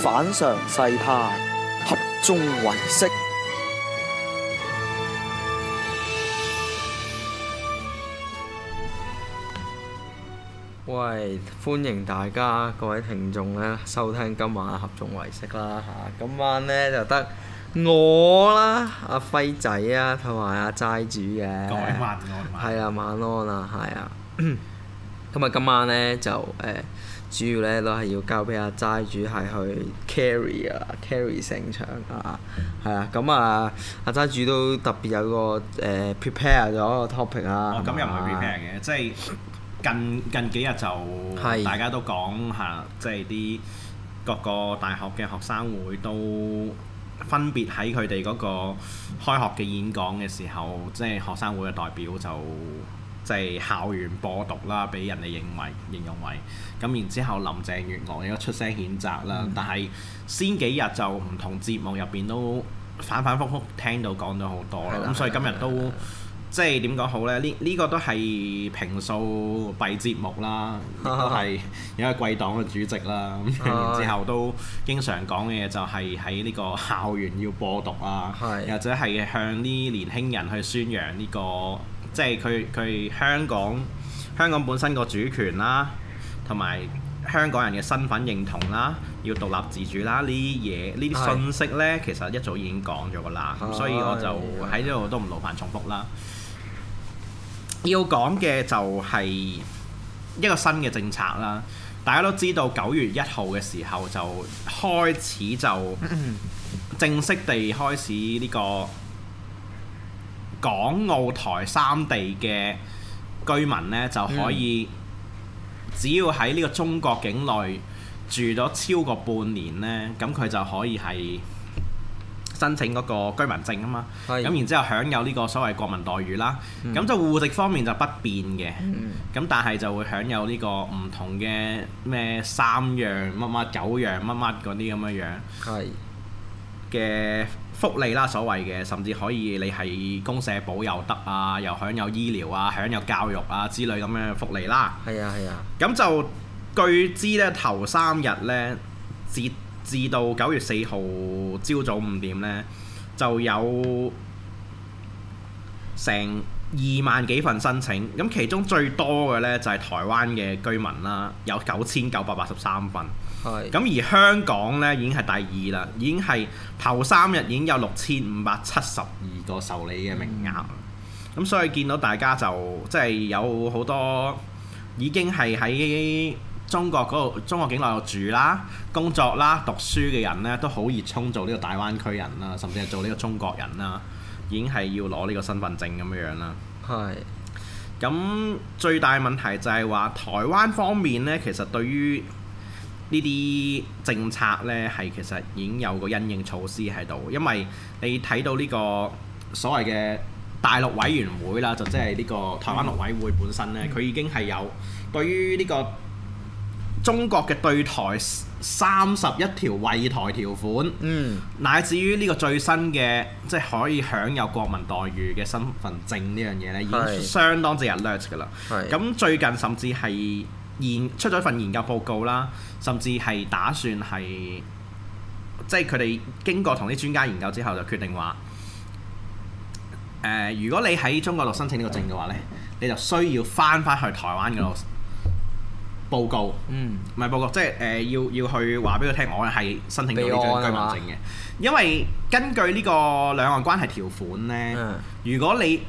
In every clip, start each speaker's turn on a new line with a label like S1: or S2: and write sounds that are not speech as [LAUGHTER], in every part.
S1: 反常世態，合眾唯識。喂，歡迎大家各位聽眾呢，收聽今晚嘅合眾唯識啦。今晚呢，就得我啦，阿輝仔啊，同埋阿齋主嘅。各位晚安係啊，晚安啦，係啊。咁啊， [COUGHS] 今晚呢，就、呃主要咧都係要交俾阿齋主係去 carry 啊，carry 成場啊，係啊，咁啊，阿齋主都特別有個誒 prepare 咗個 topic 啊。哦，係吧。咁又唔係 prepare 嘅，即係近
S2: 近幾日就大家都講吓，即係啲各個大學嘅學生會都分別喺佢哋嗰個開學嘅演講嘅時候，即係學生會嘅代表就。就係校園播毒啦，俾人哋認為形容為咁，然之後林鄭月娥亦都出聲譴責啦。嗯、但係先幾日就唔同節目入邊都反反覆覆聽到講咗好多啦。咁的所以今日都即係點講好咧？呢呢、呢個都係平素弊節目啦，亦都係因為貴黨嘅主席啦。咁 [LAUGHS] [LAUGHS] 然之後都經常講嘅嘢就係喺呢個校園要播毒啊，的或者係向啲年輕人去宣揚呢、呢個。即係佢佢香港香港本身個主權啦，同埋香港人嘅身份認同啦，要獨立自主啦呢啲嘢呢啲信息呢，其實一早已經講咗噶啦，咁的所以我就喺呢度都唔勞煩重複啦。要講嘅就係一個新嘅政策啦，大家都知道九月一號嘅時候就開始就正式地開始呢、呢個。港澳台三地嘅居民呢，就可以，嗯、只要喺呢個中國境內住咗超過半年呢，咁佢就可以係申請嗰個居民證啊嘛。咁係然之後享有呢個所謂國民待遇啦。咁，嗯、就戶籍方面就不變嘅。咁，嗯、但係就會享有呢個唔同嘅咩三樣乜乜九樣乜乜嗰啲咁樣樣嘅福利啦，所謂嘅，甚至可以你係公社保又得啊，又享有醫療啊，享有教育啊之類咁樣嘅福利啦。係啊，係啊。咁就據知咧，頭三日呢，截至到九月四號朝早五點呢，就有成二萬幾份申請。咁其中最多嘅呢，就係台灣嘅居民啦，有九千九百八十三份。咁而香港呢，已經係第二啦，已經係頭三日已經有六千五百七十二個受理嘅名額。咁、嗯、所以見到大家就即係有好多已經係喺中國嗰度、中國境內度住啦、工作啦、讀書嘅人呢，都好熱衷做呢個大灣區人啦，甚至係做呢個中國人啦，已經係要攞呢個身份證咁樣樣啦。係、嗯。咁最大問題就係話台灣方面呢，其實對於呢啲政策呢，係其實已經有個因應措施喺度，因為你睇到呢個所謂嘅大陸委員會啦，嗯、就即係呢個台灣陸委會本身呢，佢、嗯、已經係有對於呢個中國嘅對台三十一條惠台條款，嗯，乃至於呢個最新嘅即係可以享有國民待遇嘅身份證呢樣嘢呢，已經相當之 alert 噶啦。咁，最近甚至係，出咗份研究報告啦，甚至係打算係即係佢哋經過同啲專家研究之後，就決定話、呃、如果你喺中國度申請呢個證嘅話呢，你就需要返返去台灣嘅報告，嗯，唔係報告，即係、呃、要要去話俾佢聽，我係申請咗呢張居民證嘅，因為根據呢個兩岸關係條款呢，如果你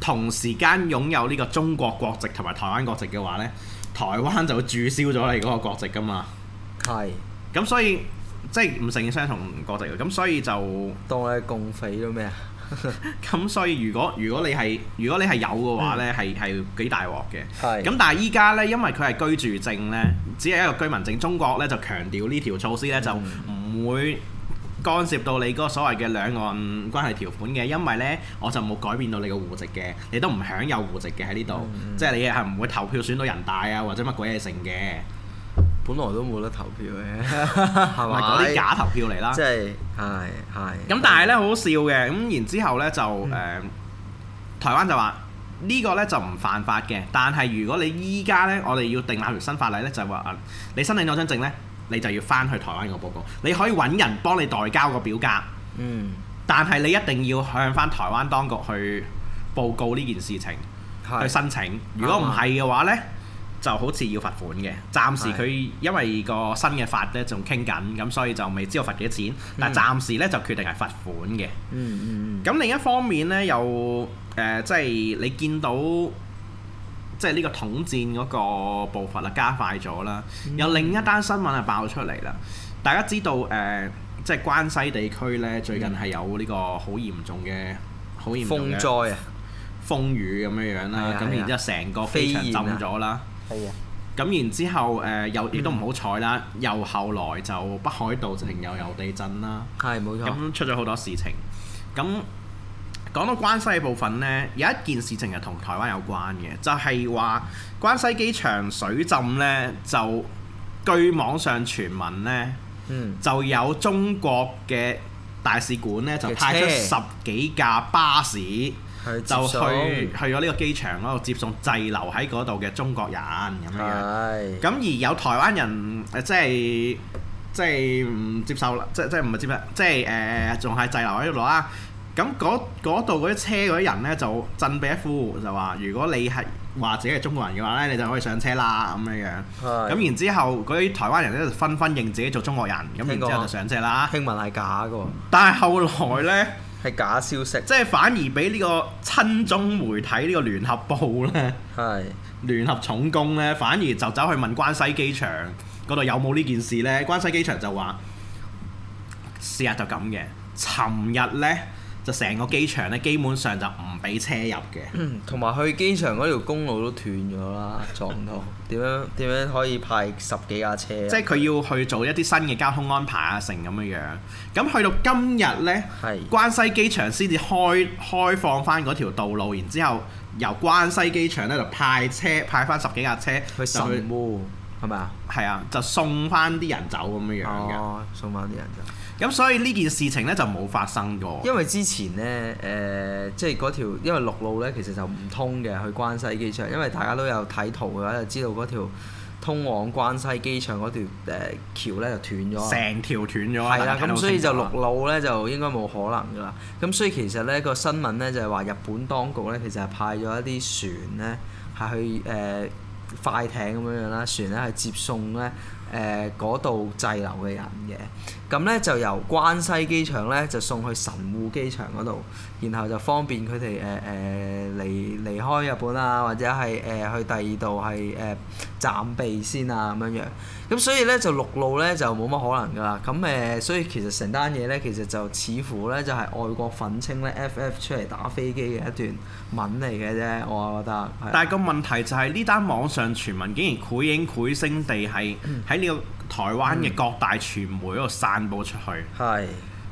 S2: 同時間擁有呢個中國國籍同埋台灣國籍嘅話呢。台灣就會註銷咗你嗰個國籍噶嘛，係的，咁所以即係唔承認雙重國籍嘅，咁所以就當你係共匪咗咩啊？咁 [LAUGHS] 所以如果如果你係如果你係有嘅話咧，係係、嗯、幾大鑊嘅，咁的但係依家呢，因為佢係居住證呢，只係一個居民證，中國呢就強調呢條措施呢，就唔會。干涉到你嗰個所謂嘅兩岸關係條款嘅，因為呢，我就冇改變到你個戶籍嘅，你都唔享有戶籍嘅喺呢度，嗯、即係你係唔會投票選到人大啊或者乜鬼嘢成嘅。本來都冇得投票嘅，係嘛？嗰啲假投票嚟啦。即係係係。咁但係呢，好是好笑嘅，咁然之後，後呢，就誒，嗯、台灣就話呢、呢個呢就唔犯法嘅，但係如果你依家呢，我哋要定立條新法例呢，就係、係、話你申請兩張證呢。你就要翻去台灣個報告，你可以揾人幫你代交個表格，嗯，但係你一定要向翻台灣當局去報告呢件事情，是去申請。如果唔係嘅話呢，嗯、就好似要罰款嘅。暫時佢因為個新嘅法呢仲傾緊，咁所以就未知道罰幾錢。但係暫時呢就決定係罰款嘅、嗯。嗯嗯咁另一方面呢，又誒即係你見到。即係呢個統戰嗰個步伐啦加快咗啦，嗯、有另一單新聞係爆出嚟啦。大家知道誒、呃，即係關西地區呢，最近係有呢個好嚴重嘅、好、嗯、嚴重嘅風，風災啊、風雨咁樣樣啦。咁、啊、然，後、啊、然後之後成個飛浸咗啦。係咁然之後誒又亦都唔好彩啦，嗯、又後來就北海道停又有，有地震啦。係冇錯。咁出咗好多事情，咁。講到關西部分呢，有一件事情係同台灣有關嘅，就係、是、話關西機場水浸呢，就據網上傳聞呢，嗯、就有中國嘅大使館呢，就派出十幾架巴士，車就去就去咗呢個機場度接送滯留喺嗰度嘅中國人咁樣是樣。咁而有台灣人即係即係唔接受，即即唔係接受，即係仲係滯留喺度啊。咁嗰度嗰啲車嗰啲人呢，就振臂一呼，就話：如果你係話自己係中國人嘅話呢，你就可以上車啦咁樣樣。咁是的 然之後嗰啲台灣人呢，就紛紛認自己做中國人，咁過然之後就上車啦。聽聞係假嘅。但係後來呢，係假消息，即係反而俾呢個親中媒體呢、呢個聯合報呢，聯是的 合重工呢，反而就走去問關西機場嗰度有冇呢件事呢。關西機場就話：是啊，就咁嘅。尋日呢。」就成個機場咧，基本上就唔俾車入嘅。同埋、嗯、去機場嗰條公路都斷咗啦，撞到點樣點樣可以派十幾架車？即係佢要去做一啲新嘅交通安排啊，成咁樣樣。咁去到今日呢，嗯、關西機場先至開開放翻嗰條道路，然之後由關西機場呢就派車派翻十幾架車去送喎，係咪啊？係啊，就送翻啲人走咁樣樣嘅、哦。送翻啲人走。
S1: 咁所以呢件事情咧就冇發生過。因為之前呢，誒、呃，即係嗰條，因為陸路呢其實就唔通嘅去關西機場，因為大家都有睇圖嘅話，就知道嗰條通往關西機場嗰條誒、呃、橋咧就斷咗。成條斷咗啊！係啦的，咁、嗯、所以就陸路呢就應該冇可能㗎啦。咁所以其實呢、個新聞呢就係、是、話日本當局呢其實係派咗一啲船呢，係去誒、呃、快艇咁樣樣啦，船呢去接送呢。誒嗰度滯留嘅人嘅，咁咧就由關西機場咧就送去神戶機場嗰度，然後就方便佢哋誒誒嚟。呃呃離開日本啊，或者係誒、呃、去第二度係誒暫避先啊咁樣樣，咁所以呢，就陸路呢，就冇乜可能噶啦，咁誒、呃、所以其實成單嘢呢，其實就似乎呢，就係外國憤青呢 FF 出嚟打飛機嘅一段文嚟嘅啫，我覺得。但係
S2: 個問題就係、是、呢、嗯、單網上傳聞竟然繪影繪聲地係喺呢個台灣嘅各大傳媒度散播出去，係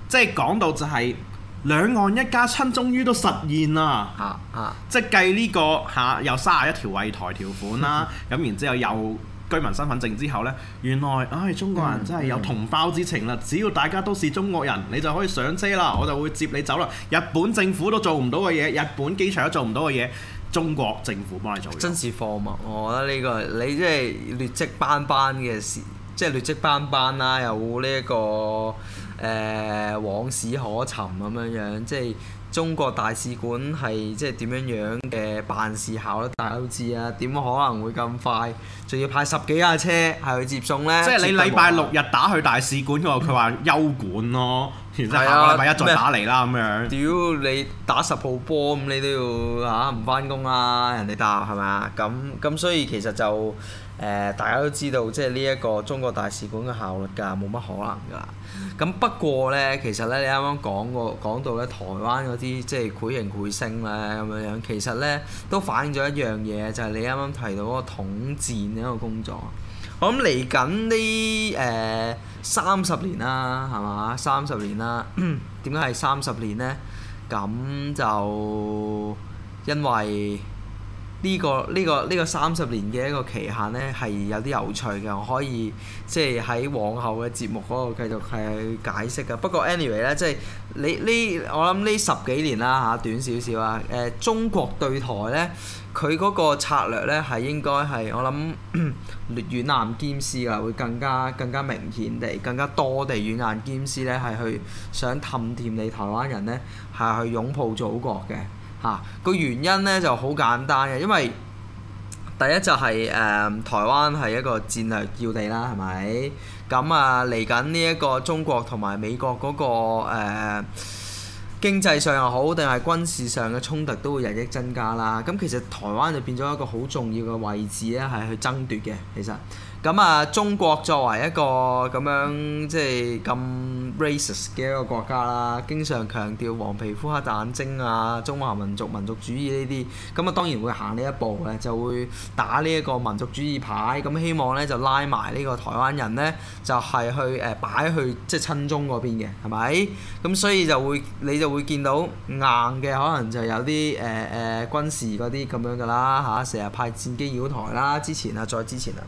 S2: 即係講到就係、是。兩岸一家親，終於都實現啦！嚇嚇、啊，啊、即係計呢個嚇、啊，有三十一條惠台條款啦，咁、嗯嗯、然之後又居民身份證之後呢，原來唉、哎、中國人真係有同胞之情啦！嗯、只要大家都是中國人，你就可以上車啦，我就會接你走啦。日本政府都做唔到嘅嘢，日
S1: 本機場都做唔到嘅嘢，中國政府幫你做。真是荒謬！我覺得呢、這個你即係劣跡斑斑嘅事。即係劣跡斑斑啦，又呢一、這個誒、呃、往事可尋咁樣樣，即係中國大使館係即係點樣樣嘅辦事效率，大家都知啊。點可能會咁快，仲要派十幾架車係去接送呢？即係你禮拜六日打去大使館佢話休
S2: 館咯。係啊，一再打嚟啦咁
S1: 樣。屌，你打十號波咁，你都要嚇唔翻工啦，人哋答係咪啊？咁咁，所以其實就誒、呃，大家都知道，即係呢一個中國大使館嘅效率㗎，冇乜可能㗎。咁不過呢，其實呢，你啱啱講過講到呢台灣嗰啲即係繪形繪聲呢，咁樣樣，其實呢，都反映咗一樣嘢，就係、是、你啱啱提到嗰個統戰嗰個工作。我諗嚟緊呢誒三十年啦，係嘛？三十年啦，點解係三十年咧？咁就因為。呢、呢個呢個呢個三十年嘅一個期限呢，係有啲有趣嘅，我可以即係喺往後嘅節目嗰度繼續係解釋嘅。不過 anyway 呢即係你呢，我諗呢十幾年啦嚇，短少少啊。誒、呃，中國對台呢，佢嗰個策略呢，係應該係我諗軟硬兼施㗎，會更加更加明顯地、更加多地軟硬兼施呢，係去想氹掂你台灣人呢，係去擁抱祖國嘅。啊個原因咧就好簡單嘅，因為第一就係、是、誒、呃、台灣係一個戰略要地啦，係咪？咁啊嚟緊呢一個中國同埋美國嗰、那個誒、呃、經濟上又好，定係軍事上嘅衝突都會日益增加啦。咁其實台灣就變咗一個好重要嘅位置咧，係去爭奪嘅，其實。咁啊，中國作為一個咁樣即係咁 racist 嘅一個國家啦，經常強調黃皮膚、黑大眼睛啊，中華民族民族主義呢啲，咁啊當然會行呢一步咧，就會打呢一個民族主義牌，咁希望咧就拉埋呢個台灣人咧，就係、是、去誒擺去即係親中嗰邊嘅，係咪？咁所以就會你就會見到硬嘅，可能就有啲誒誒軍事嗰啲咁樣噶啦吓，成、啊、日派戰機繞台啦，之前啊，再之前啊。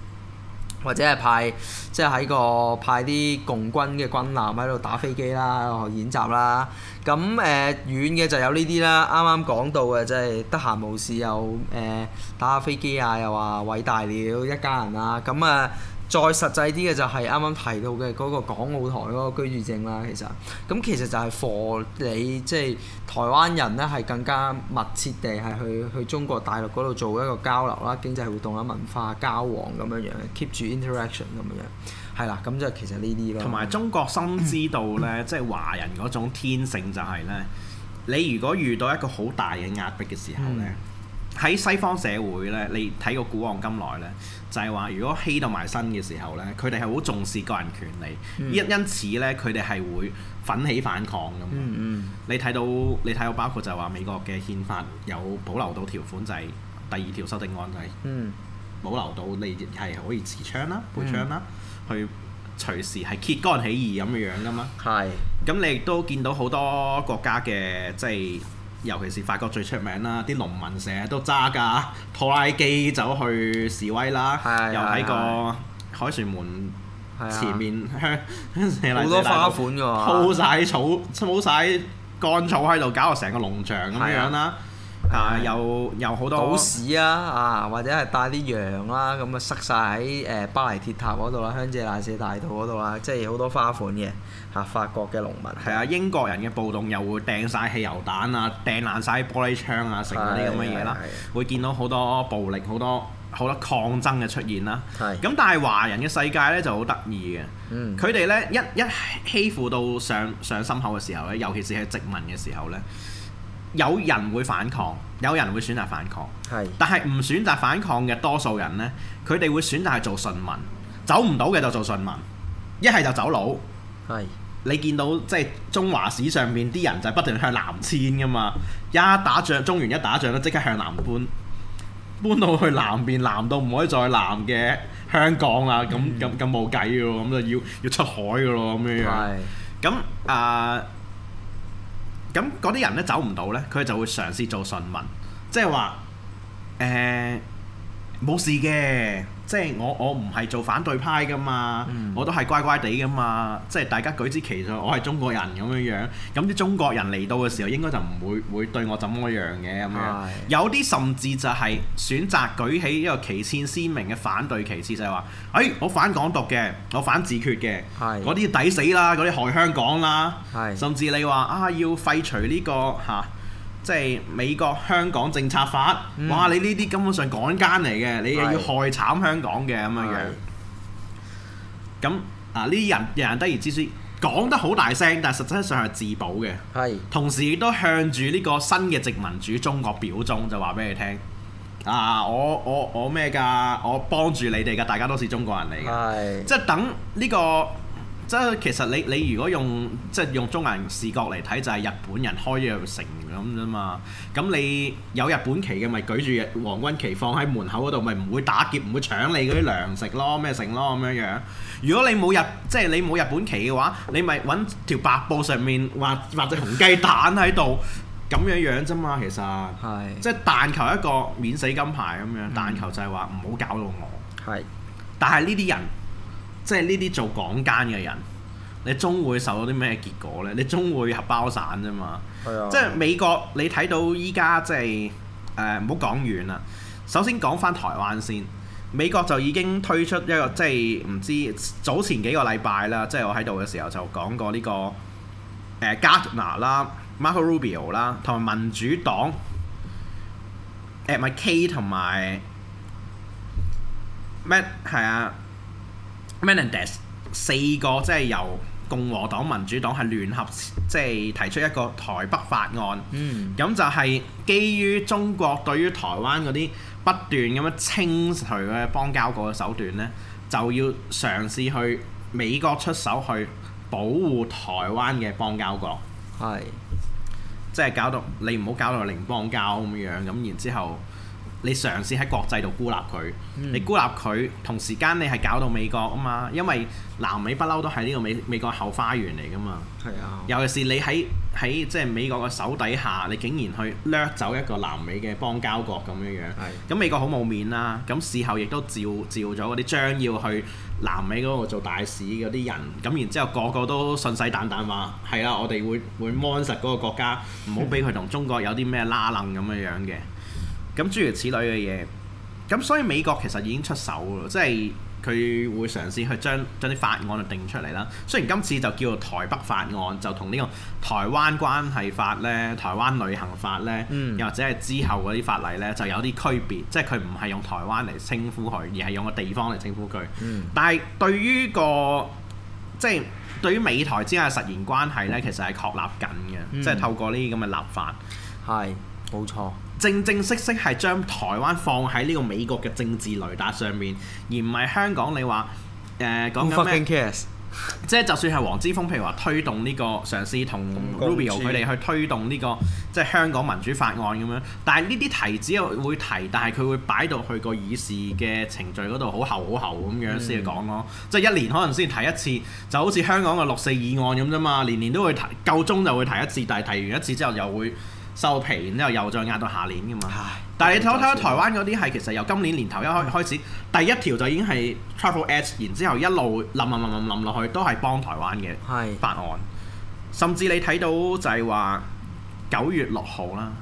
S1: 或者係派即係喺個派啲共軍嘅軍艦喺度打飛機啦，喺度演習啦。咁誒、呃、遠嘅就有呢啲啦，啱啱講到嘅即係得閒無事又誒、呃、打下飛機啊，又話偉大了一家人啦。咁啊～、呃再實際啲嘅就係啱啱提到嘅嗰個港澳台嗰個居住證啦，其實咁其實就係 for 你即係、就是、台灣人咧，係更加密切地係去去中國大陸嗰度做一個交流啦、經濟活動啊、文化交往咁樣樣，keep 住 interaction 咁樣樣，係啦，咁就其實呢啲咯。同埋中國深知
S2: 道咧， [LAUGHS] 即係華人嗰種天性就係、是、咧，你如果遇到一個好大嘅壓迫嘅時候咧。嗯喺西方社會咧，你睇個古往今來咧，就係、是、話如果欺到埋身嘅時候咧，佢哋係好重視個人權利，因、嗯、因此咧，佢哋係會奮起反抗咁、嗯嗯。你睇到你睇到包括就係話美國嘅憲法有保留到條款，就係第二條修訂案就係、
S1: 是
S2: 嗯、保留到你係可以持槍啦、啊、配槍啦、啊，嗯、去隨時係揭竿起義咁嘅樣噶嘛。係的。咁你亦都見到好多國家嘅即係。尤其是法國最出名啦，啲農民成日都揸架拖拉機走去示威啦，的又喺個凱旋門前面，成好的 [LAUGHS] 多花款嘅喎，鋪晒草、鋪晒乾草喺度，搞到成個農場咁的樣啦。
S1: 啊！又又好多土屎啊！啊，或者係帶啲羊啦、啊，咁啊塞晒喺誒巴黎鐵塔嗰度啦，香榭麗舍大道嗰度啦，即係好多花款嘅嚇、啊、法國嘅農民。
S2: 係啊的，的英國人嘅暴動又會掟晒汽油彈啊，掟爛晒玻璃窗啊，成啲咁嘅嘢啦，會見到好多暴力、好多好多抗爭嘅出現啦。係的。咁的但係華人嘅世界咧就好得意嘅，佢哋咧一一欺負到上上心口嘅時候咧，尤其是喺殖民嘅時候咧。有人會反抗，有人會選擇反抗，係是。但係唔選擇反抗嘅多數人呢，佢哋會選擇係做順民，走唔到嘅就做順民，一係就走佬。係是。你見到即係中華史上面啲人就不停向南遷㗎嘛？一打仗中原一打仗都即刻向南搬，搬到去南邊南到唔可以再南嘅香港啦，咁咁咁冇計嘅咯，咁就要要出海嘅咯咁樣樣。係是。咁啊～、呃咁嗰啲人咧走唔到咧，佢就會嘗試做順民，即係話誒冇事嘅。即係我我唔係做反對派噶嘛，嗯、我都係乖乖地噶嘛。即係大家舉之其實我係中國人咁樣樣，咁啲中國人嚟到嘅時候應該就唔會會對我怎麼樣嘅咁是的 樣。有啲甚至就係選擇舉起一個旗幟鮮明嘅反對旗幟，就係、是、話，誒、欸、我反港獨嘅，我反自決嘅。嗰啲抵死啦，嗰啲害香港啦。是的 甚至你話啊，要廢除呢、這個嚇。啊即係美國香港政策法，嗯、哇！你呢啲根本上港奸嚟嘅，你又要害慘香港嘅咁樣樣。咁的啊，呢啲人人人得而知之，講得好大聲，但係實際上係自保嘅。係的。同時亦都向住呢個新嘅殖民主中國表忠，就話俾你聽：啊，我我我咩㗎？我幫住你哋㗎，大家都是中國人嚟嘅，係的。即係等呢、呢個。即係其實你你如果用即係用中人視角嚟睇，就係、是、日本人開咗城咁啫嘛。咁你有日本旗嘅，咪舉住皇軍旗放喺門口嗰度，咪唔會打劫，唔會搶你嗰啲糧食咯，咩成咯咁樣樣。如果你冇日即係你冇日本旗嘅話，你咪揾條白布上面畫畫隻紅雞蛋喺度，咁樣樣啫嘛。其實是即係但求一個免死金牌咁樣，但求就係話唔好搞到我。係是，但係呢啲人。即係呢啲做港奸嘅人，你終會受到啲咩結果呢？你終會合包散啫嘛。 [MUSIC] 即係美國，你睇到依家即係唔好講遠啦。首先講翻台灣先，美國就已經推出一個即係唔知早前幾個禮拜啦。即係我喺度嘅時候就講過呢、呢個、呃、Gardner 啦、Marco Rubio 啦同埋民主黨誒咪、呃、K 同埋咩係啊？Menendez 四個即係由共和黨、民主黨係聯合，即係提出一個台北法案。咁、嗯、就係基於中國對於台灣嗰啲不斷咁樣清除嘅邦交國嘅手段咧，就要嘗試去美國出手去保護台灣嘅邦交國。係、嗯，即係搞，搞到你唔好搞到零邦交咁樣咁，然之後。你嘗試喺國際度孤立佢，你孤立佢同時間你係搞到美國啊嘛，因為南美不嬲都係呢個美美國後花園嚟噶嘛，尤其是你喺喺即係美國嘅手底下，你竟然去掠走一個南美嘅邦交國咁樣樣，咁美國好冇面啦，咁事後亦都召召咗嗰啲將要去南美嗰度做大使嗰啲人，咁然之後個個都信誓旦旦話係啦，我哋會會 mon 實嗰個國家唔好俾佢同中國有啲咩拉楞咁樣樣嘅。咁諸如此類嘅嘢，咁所以美國其實已經出手咯，即係佢會嘗試去將將啲法案定出嚟啦。雖然今次就叫做台北法案，就同呢個台灣關係法呢、台灣旅行法呢，又、嗯、或者係之後嗰啲法例呢，就有啲區別，即係佢唔係用台灣嚟稱呼佢，而係用個地方嚟稱呼佢。嗯、但係對於個即係對於美台之間嘅實驗關係呢，其實係確立緊嘅，嗯、即係透過呢啲咁嘅立法，係冇錯。正正式式係將台灣放喺呢個美國嘅政治雷達上面，而唔係香港你。你話誒講緊咩？fucking 即係就算係黃之鋒，譬如話推動呢個上司同 Rubio 佢哋去推動呢、呢個即係香港民主法案咁樣。但係呢啲提只又會提，但係佢會擺到去個議事嘅程序嗰度，好後好後咁樣先講咯。即係一年可能先提一次，就好似香港嘅六四議案咁啫嘛。年年都會提，夠鐘就會提一次，但係提完一次之後又會。收皮，然之後又再壓到下年㗎嘛。但係你睇睇台灣嗰啲係其實由今年年頭一開開始，第一條就已經係 Travel Act，然之後一路冧冧冧冧冧落去，都係幫台灣嘅法案。甚至你睇到就係話九月六號啦，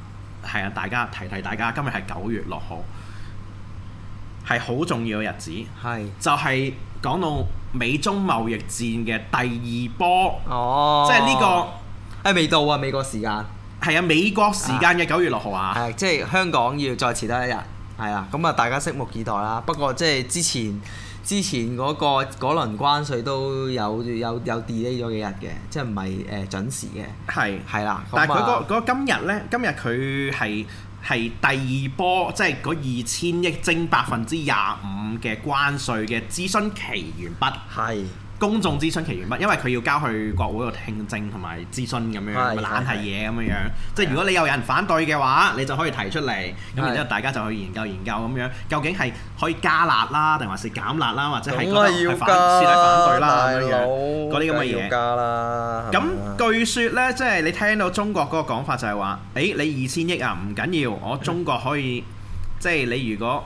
S2: 係啊，大家提提大家，今日係九月六號，係好重要嘅日子。係就係講到美中貿易戰嘅第二波。
S1: 哦，即係呢個誒未到啊，美國時間。係啊，美國時間嘅九月六號啊，係即係香港要再遲多一日，係啦，咁啊大家拭目以待啦。不過即係之前之前嗰個嗰輪關稅都有有有 delay 咗幾日嘅，即係唔係誒準時嘅。係係啦，但係佢個嗰個今日呢，今日佢係
S2: 係第二波，即係嗰二千億徵百分之廿五嘅關稅嘅諮詢期完畢。係。公眾諮詢期完畢，因為佢要交去國會度聽證同埋諮詢咁樣，懶係嘢咁樣，即係如果你有人反對嘅話，你就可以提出嚟，咁然之後大家就去研究研究咁樣，究竟係可以加辣啦，定還是減辣啦，或者係嗰啲係反對啦咁樣嗰啲咁嘅
S1: 嘢。咁
S2: 據說呢，即係你聽到中國嗰個講法就係話，誒你二千億啊，唔緊要，我中國可以，即係你如果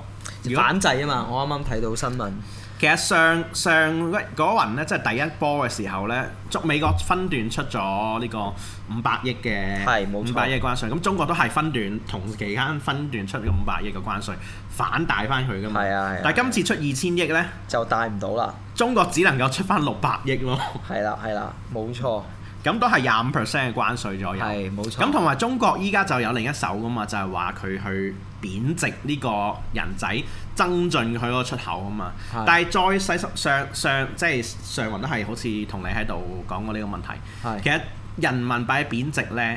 S2: 反制啊嘛，我啱啱睇到新聞。其實上上嗰嗰輪咧，即係第一波嘅時候咧，捉美國分段出咗呢個五百億嘅，係五百億嘅關稅。咁中國都係分段同期間分段出五百億嘅關稅，反帶翻佢㗎嘛。係啊係。啊但係今次出二千億咧，就帶唔到啦。中國只能夠出翻六百億咯。係啦係啦，冇錯。咁 [LAUGHS] 都係廿五 percent 嘅關稅左右。係冇錯。咁同埋中國依家就有另一手㗎嘛，就係話佢去貶值呢個人仔。增進佢嗰個出口啊嘛，是的 但係再細十上上即係上雲都係好似同你喺度講過呢個問題。是的 其實人民幣貶值呢，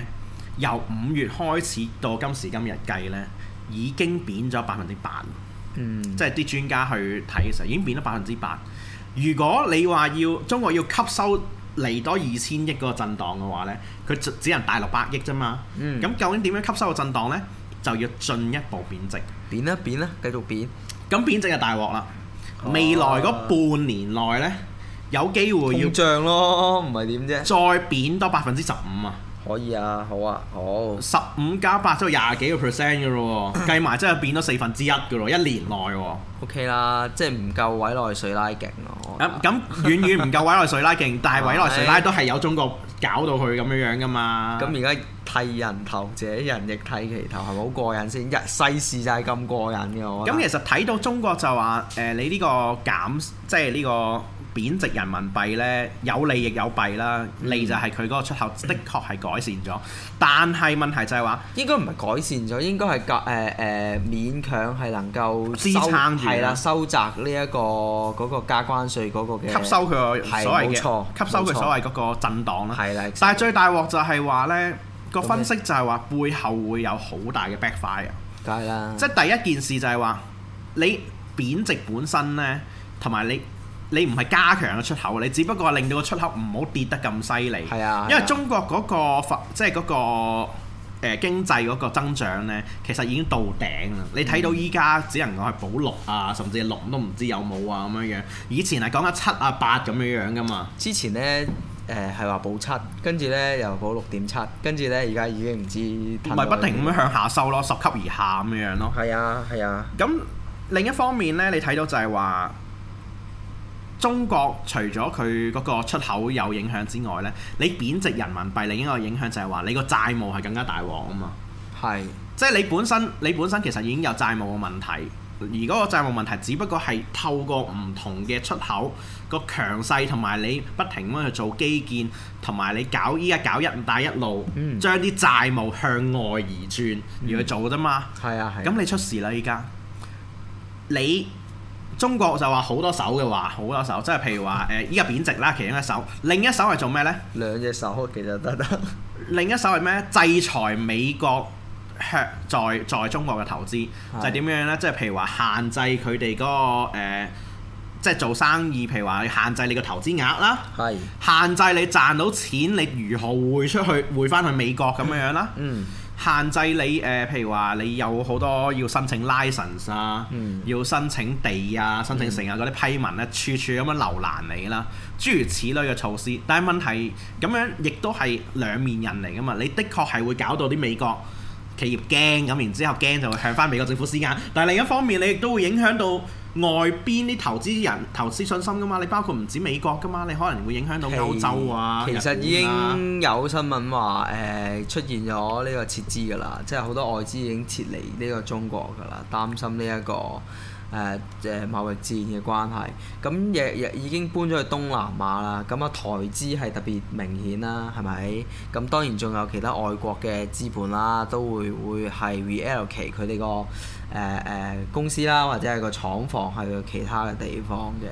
S2: 由五月開始到今時今日計呢，已經貶咗百分之八。嗯，即係啲專家去睇嘅時候已經貶咗百分之八。如果你話要中國要吸收嚟多二千億嗰個震盪嘅話呢，佢只能大六百億啫嘛。嗯，咁究竟點樣吸收個震盪呢？就要進一步貶值，貶啦、啊、貶啦、啊，繼續貶。咁貶值就大鑊啦。
S1: 啊、未來嗰半
S2: 年內呢，有機會要。要漲咯，唔係點啫？再貶多百分之十五啊！可以啊，好啊，好。十五加八即係廿幾個 percent 嘅咯喎，計埋真係貶咗四分之一嘅咯，一年內喎、
S1: 啊。OK 啦，即係唔夠委內瑞拉勁咯。咁咁、啊、遠遠唔夠委內瑞拉勁， [LAUGHS] 但係委內瑞拉都係有中國。搞到佢咁樣樣㗎嘛？咁而家剃人頭者，人亦剃其頭，係咪好過癮先？日世事就係咁過癮嘅。咁
S2: 其實睇到中國就話，誒、呃、你呢個減，即係呢、呢個。貶值人民幣咧有利亦有弊啦，利就係佢嗰個出口的確係改善咗，但係問題就係話應該唔係改善咗，應該係
S1: 夾誒誒勉強係能夠支撐住係啦，收窄呢、這、一個嗰、那個加關稅嗰個嘅吸收佢所謂嘅吸收佢所謂嗰個震盪啦。係
S2: 啦錯，但係最大鑊就係話呢個分析就係話背後會有好大嘅 backfire，梗係啦，即係第一件事就係話你貶值本身呢，同埋你。你唔係加強個出口，你只不過係令到個出口唔好跌得咁犀利。係啊，啊因為中國嗰、那個即係嗰個誒、呃、經濟嗰個增長呢，其實已經到頂啦。嗯、你睇到依家只能講係保六啊，甚至係六都唔知有冇啊咁樣樣。以前係講緊七啊八咁樣樣㗎嘛。之前呢誒係話保七，跟住呢又保六點七，跟住呢而家已經唔知。同埋不，不停咁樣向下收咯，拾級而下咁樣咯。係啊，係啊。咁、啊、另一方面呢，你睇到就係話。中國除咗佢嗰個出口有影響之外，呢，你貶值人民幣，另一個影響就係話你個債務係更加大鑊，嗯、啊嘛。係，即係你本身你本身其實已經有債務嘅問題，而嗰個債務問題只不過係透過唔同嘅出口個強勢同埋你不停咁去做基建，同埋你搞依家搞一帶一路，嗯、將啲債務向外移轉，嗯、而去做啫嘛。係、嗯、啊，係。咁你出事啦依家，你。中國就話好多手嘅話好多手，即係譬如話誒依家貶值啦，其中一手，另一手係做咩呢？兩隻手其實得得。另一手係咩？制裁美國喎，在在，在中國嘅投資是的 就點樣呢？即係譬如話限制佢哋嗰個誒即係做生意，譬如話限制你嘅投資額啦，係是的 限制你賺到錢你如何匯出去匯翻去美國咁樣樣啦。 [LAUGHS] 嗯。限制你誒、呃，譬如話你有好多要申請 license 啊、嗯，要申請地啊、申請成啊嗰啲批文咧，嗯、處處咁樣留難你啦。諸如此類嘅措施，但係問題咁樣亦都係兩面人嚟㗎嘛。你的確係會搞到啲美國企業驚咁，然之後驚就會向返美國政府施壓。但係另一方面，你亦都會影響到。外邊啲投資人投資信心噶嘛？你包括唔止美國噶嘛？你可能會影響到歐洲啊，其，其實已經
S1: 有新聞話誒、呃、出現咗呢個撤資噶啦，即係好多外資已經撤離呢個中國噶啦，擔心呢、這、一個誒誒、呃、貿易戰嘅關係。咁亦亦已經搬咗去東南亞啦。咁啊台資係特別明顯啦，係咪？咁當然仲有其他外國嘅資本啦，都會會係 re-allocate 佢哋個。誒誒、呃、公司啦，或者係個廠房，係個其他嘅地方嘅。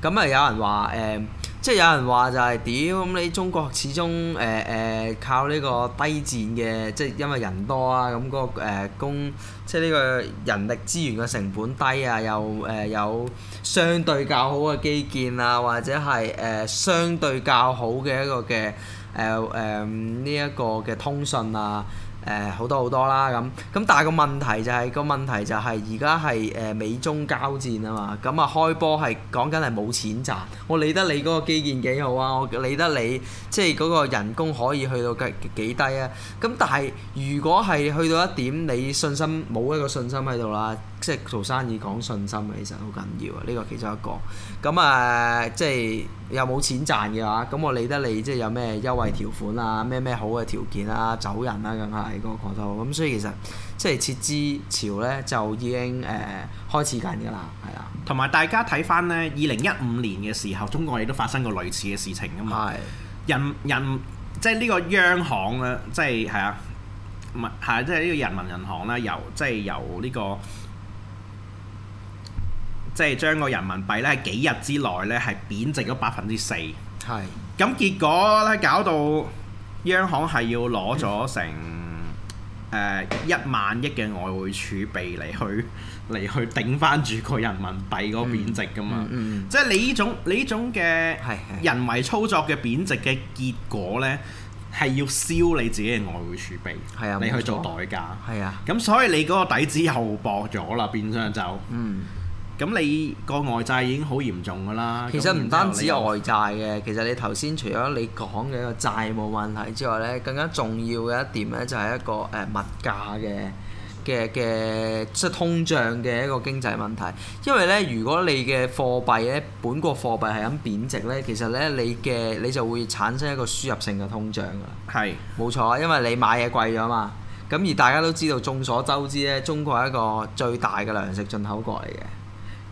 S1: 咁、嗯、啊，有人話誒、呃，即係有人話就係屌咁，你、呃、中國始終誒誒、呃呃、靠呢個低賤嘅，即係因為人多啊，咁個誒工，即係呢個人力資源嘅成本低啊，呃呃、又誒有相對較好嘅基建啊，或者係誒、呃、相對較好嘅一個嘅誒誒呢一個嘅、呃呃這個、通訊啊。誒好、呃、多好多啦咁，咁但係個問題就係、是、個問題就係而家係誒美中交戰啊嘛，咁、嗯、啊開波係講緊係冇錢賺，我理得你嗰個基建幾好啊，我理得你即係嗰個人工可以去到幾低啊，咁但係如果係去到一點你信心冇一個信心喺度啦。即係做生意講信心啊，其實好緊要啊，呢個其中一個。咁啊、呃，即係又冇錢賺嘅話，咁我理得你即係有咩優惠條款啊，咩咩好嘅條件啊，走人，嗯、啊，梗係喺嗰個度。咁所以其實即係撤資潮咧，就已經誒、呃、開始緊噶啦，係啊。同埋大家睇翻咧，
S2: 二零一五年嘅時候，中國亦都發生過類似嘅事情啊嘛。係的人人即係呢個央行咧，即係係啊，唔係係即係呢個人民銀行啦，由即係、即係、由呢、呢個。即係將個人民幣咧，幾日之內咧，係貶值咗百分之四，係咁是結果咧，搞到央行係要攞咗成誒、 [LAUGHS] 呃、一萬億嘅外匯儲備嚟去嚟去頂翻住個人民幣嗰個貶值㗎嘛，嗯嗯嗯、即係你依種你依種嘅係人為操作嘅貶值嘅結果咧，係是要燒你自己嘅外匯儲備，係啊，你去做代價，係啊，咁所以你嗰個底子又薄咗啦，變相就嗯。咁你個外債已經好嚴重㗎啦。其實唔單止
S1: 外債嘅，其實你頭先除咗你講嘅一個債務問題之外呢，更加重要嘅一點呢，就係一個誒物價嘅嘅嘅，即係通脹嘅一個經濟問題。因為呢，如果你嘅貨幣呢，本國貨幣係咁貶值呢，其實呢，你嘅你就會產生一個輸入性嘅通脹㗎。係冇錯啊，因為你買嘢貴咗嘛。咁而大家都知道，眾所周知呢，中國係一個最大嘅糧食進口國嚟嘅。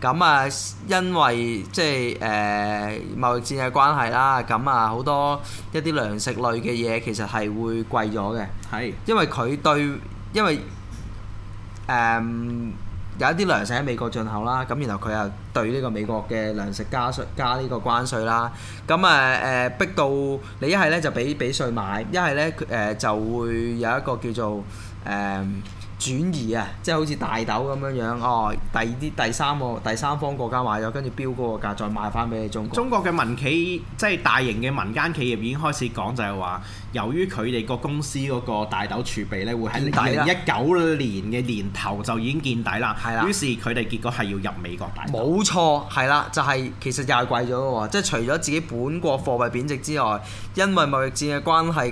S1: 咁啊，嗯，因為即係誒，呃，貿易戰嘅關係啦，咁啊好多一啲糧食類嘅嘢其實係會貴咗嘅。係。是的 因為佢對，因為誒，呃，有一啲糧食喺美國進口啦，咁，嗯，然後佢又對呢個美國嘅糧食加稅加呢個關稅啦，咁啊誒逼到你一係咧就俾俾稅買，一係咧誒就會有一個叫做誒。呃轉移啊，即係好似大豆咁樣樣哦，第二啲第三個第三方國家買咗，跟住標嗰
S2: 個價再賣翻俾你中國。中國嘅民企即係大型嘅民間企業已經開始講就係話，由於佢哋個公司嗰個大豆儲備咧會喺二零一九年嘅
S1: 年頭就已經見底啦，係啦的。於是佢哋結果係要入美國大豆。冇錯，係啦，就係、是、其實又係貴咗喎，即係除咗自己本國貨幣貶值之外，因為貿易戰嘅關係，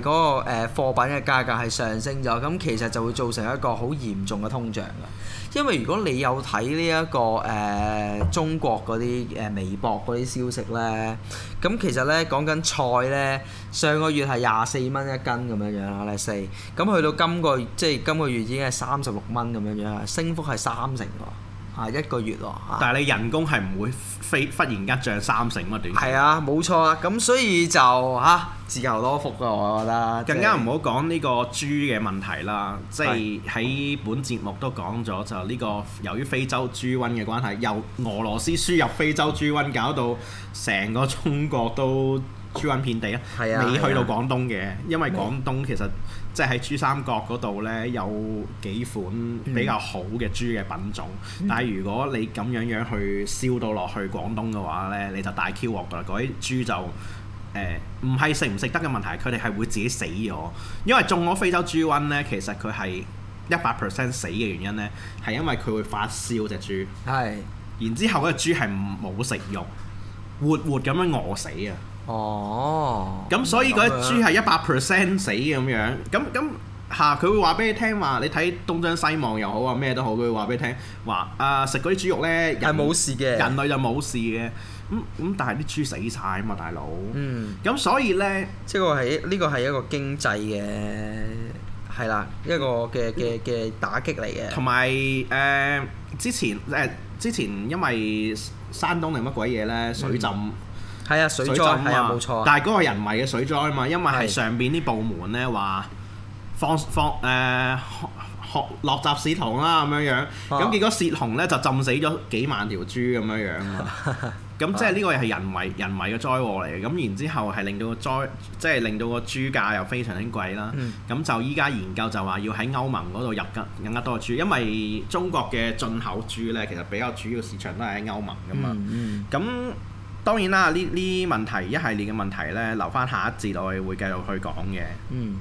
S1: 嗰、那個誒貨品嘅價格係上升咗，咁其實就會造成一個好嚴重嘅通脹㗎，因為如果你有睇呢一個誒、呃、中國嗰啲誒微博嗰啲消息咧，咁其實咧講緊菜咧，上個月係廿四蚊一斤咁樣樣啦，阿 l 咁去到今個月即係今個月已經係三十六蚊咁樣樣，升幅係三成喎。啊一個月喎，啊、但係你人工係唔會飛
S2: 忽然間漲三成啊嘛，短期係啊，冇錯啊，咁所以就嚇、啊、自求多福咯，我覺得更加唔好講呢個豬嘅問題啦，即係喺本節目都講咗就呢、呢個由於非洲豬瘟嘅關係，由俄羅斯輸入非洲豬瘟搞到成個中國都。豬瘟遍地啊！未去到廣東嘅，啊、因為廣東其實即係喺珠三角嗰度咧，有幾款比較好嘅豬嘅品種。嗯、但係如果你咁樣樣去燒到落去廣東嘅話咧，你就大 Q 鑊噶啦！嗰啲豬就誒唔係食唔食得嘅問題，佢哋係會自己死咗。因為中咗非洲豬瘟咧，其實佢係一百 percent 死嘅原因咧，係因為佢會發燒隻豬係，是然之後嗰隻豬係冇食肉，活活咁樣餓死啊！哦，咁所以嗰啲豬係一百 percent 死咁樣，咁咁嚇佢會話俾你聽話，你睇東張西望又好啊，咩都好，佢會話俾你聽話，啊食嗰啲豬肉呢，又冇事嘅，人類就冇事嘅，咁、
S1: 嗯、咁但係啲豬死晒啊嘛，大佬。咁、嗯、所以呢，即係個呢個係一個經濟嘅係啦，一個嘅嘅嘅打擊嚟嘅、嗯，同
S2: 埋誒之前誒、呃、之前因為山東定乜鬼嘢呢？水浸。嗯係
S1: 啊，水災係啊，冇錯。但係嗰個人
S2: 為嘅水災啊嘛，的因為係上邊啲部門咧話放放誒學學落集水塘啦咁樣樣，咁、啊、結果泄洪咧就浸死咗幾萬條豬咁樣樣咁、啊、即係呢個係人為、啊、人為嘅災禍嚟嘅。咁然後之後係令到災，即、就、係、是、令到個豬價又非常之貴啦。咁、嗯、就依家研究就話要喺歐盟嗰度入更更加多嘅豬，因為中國嘅進口豬咧其實比較主要市場都係喺歐盟㗎嘛。咁、嗯嗯當然啦，呢呢問題一系列嘅問題咧，留翻下一節我哋會繼續去講嘅。嗯。